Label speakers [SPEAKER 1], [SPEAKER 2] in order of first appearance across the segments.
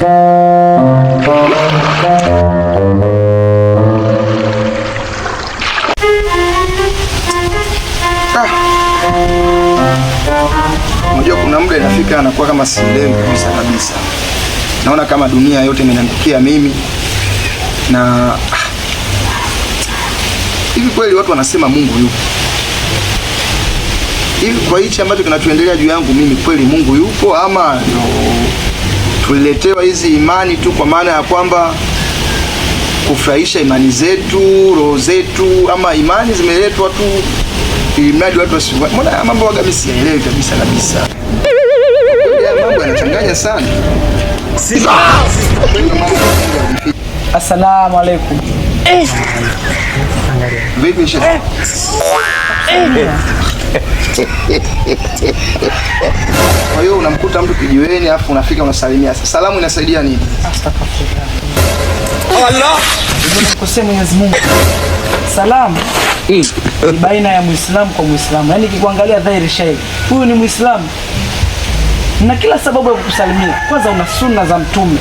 [SPEAKER 1] Ah. Unajua kuna muda inafika anakuwa kama sielewi kabisa kabisa, naona kama dunia yote imeniangukia mimi na ah. hivi kweli watu wanasema Mungu yupo hivi? Kwa hichi ambacho kinachoendelea juu yangu mimi, kweli Mungu yupo ama no? tuliletewa hizi imani tu kwa maana ya kwamba kufurahisha imani zetu, roho zetu, ama imani zimeletwa tu ili mradi watu wasi. Mbona mambo waga sielewi kabisa kabisa, mambo yanachanganya sana.
[SPEAKER 2] Assalamu alaikum. Eh. Angalia. Vipi shida?
[SPEAKER 1] Eh. Kwa hiyo unamkuta mtu kijiweni afu unafika unasalimia. Salamu inasaidia nini?
[SPEAKER 2] Oh, Allah. Mwenyezi Mungu. Salamu mm. ni baina ya Muislamu kwa Muislamu. Yaani kikuangalia dhahiri shahidi. Huyu ni Muislamu. Na kila sababu ya kukusalimia. Kwanza una sunna za Mtume.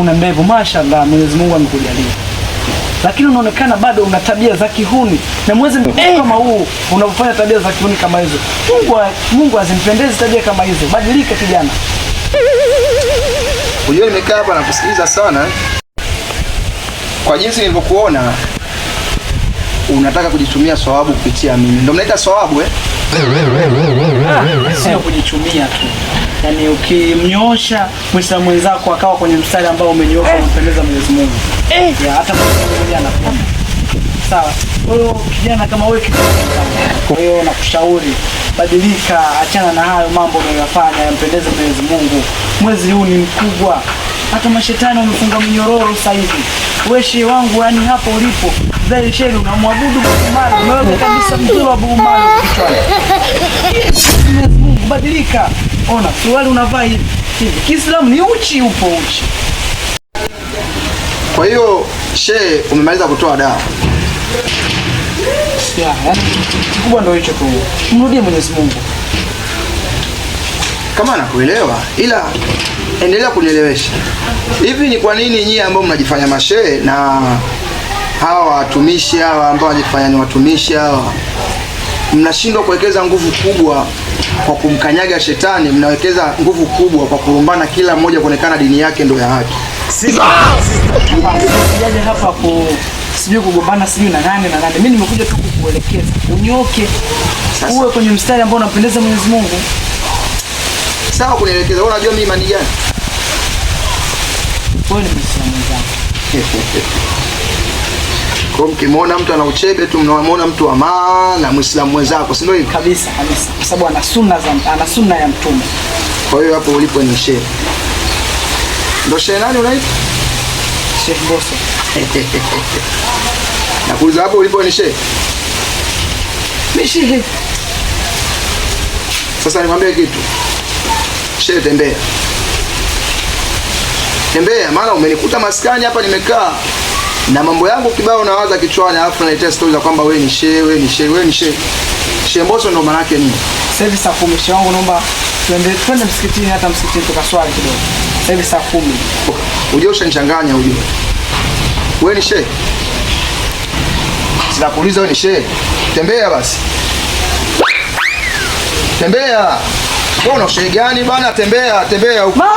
[SPEAKER 2] Una mbevu Mashaallah, Mwenyezi Mungu amekujalia lakini unaonekana bado una tabia za kihuni na mwezi hey, eh. kama huu unafanya tabia za kihuni kama hizo. Mungu, Mungu azimpendezi tabia kama hizo. Badilika kijana.
[SPEAKER 1] Unajua nimekaa hapa na kusikiliza sana, kwa jinsi nilivyokuona unataka kujitumia sawabu kupitia mimi, ndio mnaita sawabu eh?
[SPEAKER 2] sio kujichumia tu, yaani ukimnyosha Muislamu mwenzako akawa kwenye mstari ambao umenyoka eh. unampendeza Mwenyezi Mungu, eh. hata sawa. Kwa kijana kama wewe, kwa hiyo nakushauri badilika, achana na hayo mambo unayoyafanya, yampendeze Mwenyezi Mungu. Mwezi huu ni mkubwa, hata mashetani wamefunga minyororo sasa hivi weshe wangu, yani hapo ulipo zile shehe unamwabudu Bumalo, umeweka kabisa mzuri wa Bumalo Mwenyezi Mungu badilika, ona suruali unavaa hivi. Kiislamu ni uchi, upo uchi.
[SPEAKER 1] Kwa hiyo shehe, umemaliza kutoa dawa
[SPEAKER 2] kikubwa ndio hicho tu, mrudie Mwenyezi Mungu
[SPEAKER 1] kama anakuelewa ila endelea kunielewesha. Hivi ni kwa nini nyie ambao mnajifanya mashehe na hawa watumishi hawa ambao wajifanya ni watumishi hawa mnashindwa kuwekeza nguvu kubwa kwa kumkanyaga shetani, mnawekeza nguvu kubwa kwa kulumbana kila mmoja kuonekana dini yake ndio ya haki. Sijaje
[SPEAKER 2] yaani hapa ku sijui kugombana sijui na nani na nani, mimi nimekuja tu kukuelekeza unyoke, uwe kwenye mstari ambao unapendeza Mwenyezi Mungu
[SPEAKER 1] sawa kunielekeza. Wewe unajua mimi imani gani?
[SPEAKER 2] Wewe ni
[SPEAKER 1] Kwa mkimwona mtu ana uchebe tu, mnamwona mtu wa maana, Muislamu mwenzako, si ndio
[SPEAKER 2] hivyo? Kabisa kabisa, kwa sababu ana sunna za ana sunna ya Mtume.
[SPEAKER 1] Kwa hiyo hapo ulipo ni shehe. Ndio shehe nani unaitwa? Shehe Mbosso. kuuliza hapo ulipo ni shehe. Mimi shehe. Sasa nikwambie kitu. Shehe, tembea tembea, maana umenikuta maskani hapa, nimekaa na mambo yangu kibao, nawaza kichwani, alafu naletea stori za kwamba wewe ni shehe, wewe ni shehe, wewe ni shehe. Shehe Mbosso ndo maana yake nini?
[SPEAKER 2] Sasa hivi saa kumi, shehe wangu, naomba tuende twende msikitini, hata msikitini tukaswali kidogo. Sasa hivi saa kumi.
[SPEAKER 1] Oh, ujue ushanichanganya, ujue wewe ni shehe, sinakuuliza wewe ni shehe. Tembea basi, tembea. Wewe una gani bana? Tembea tembea huko. Mama.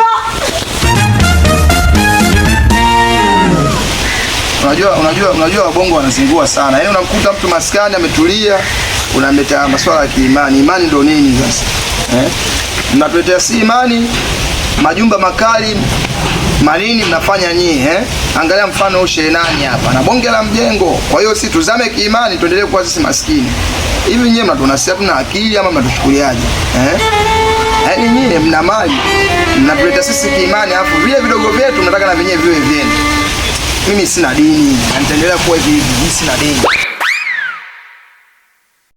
[SPEAKER 1] Unajua unajua unajua wabongo wanazingua sana. Yaani unamkuta mtu maskani ametulia, unamleta masuala ya kiimani. Imani ndio nini sasa? Eh? Mnatuletea si imani, majumba makali, manini mnafanya nyinyi eh? Angalia mfano huu Shenani hapa na bonge la mjengo. Kwa hiyo si tuzame kiimani, tuendelee kuwa sisi maskini. Hivi nyewe mnatuona si hatuna akili ama mnatuchukuliaje? Eh? Yaani nyie mna mali mnatuleta sisi kiimani, alafu vile vidogo vyetu mnataka na vyenyewe viwe vyenu. Mimi sina dini nitaendelea kuwa hivi hivi, sina dini.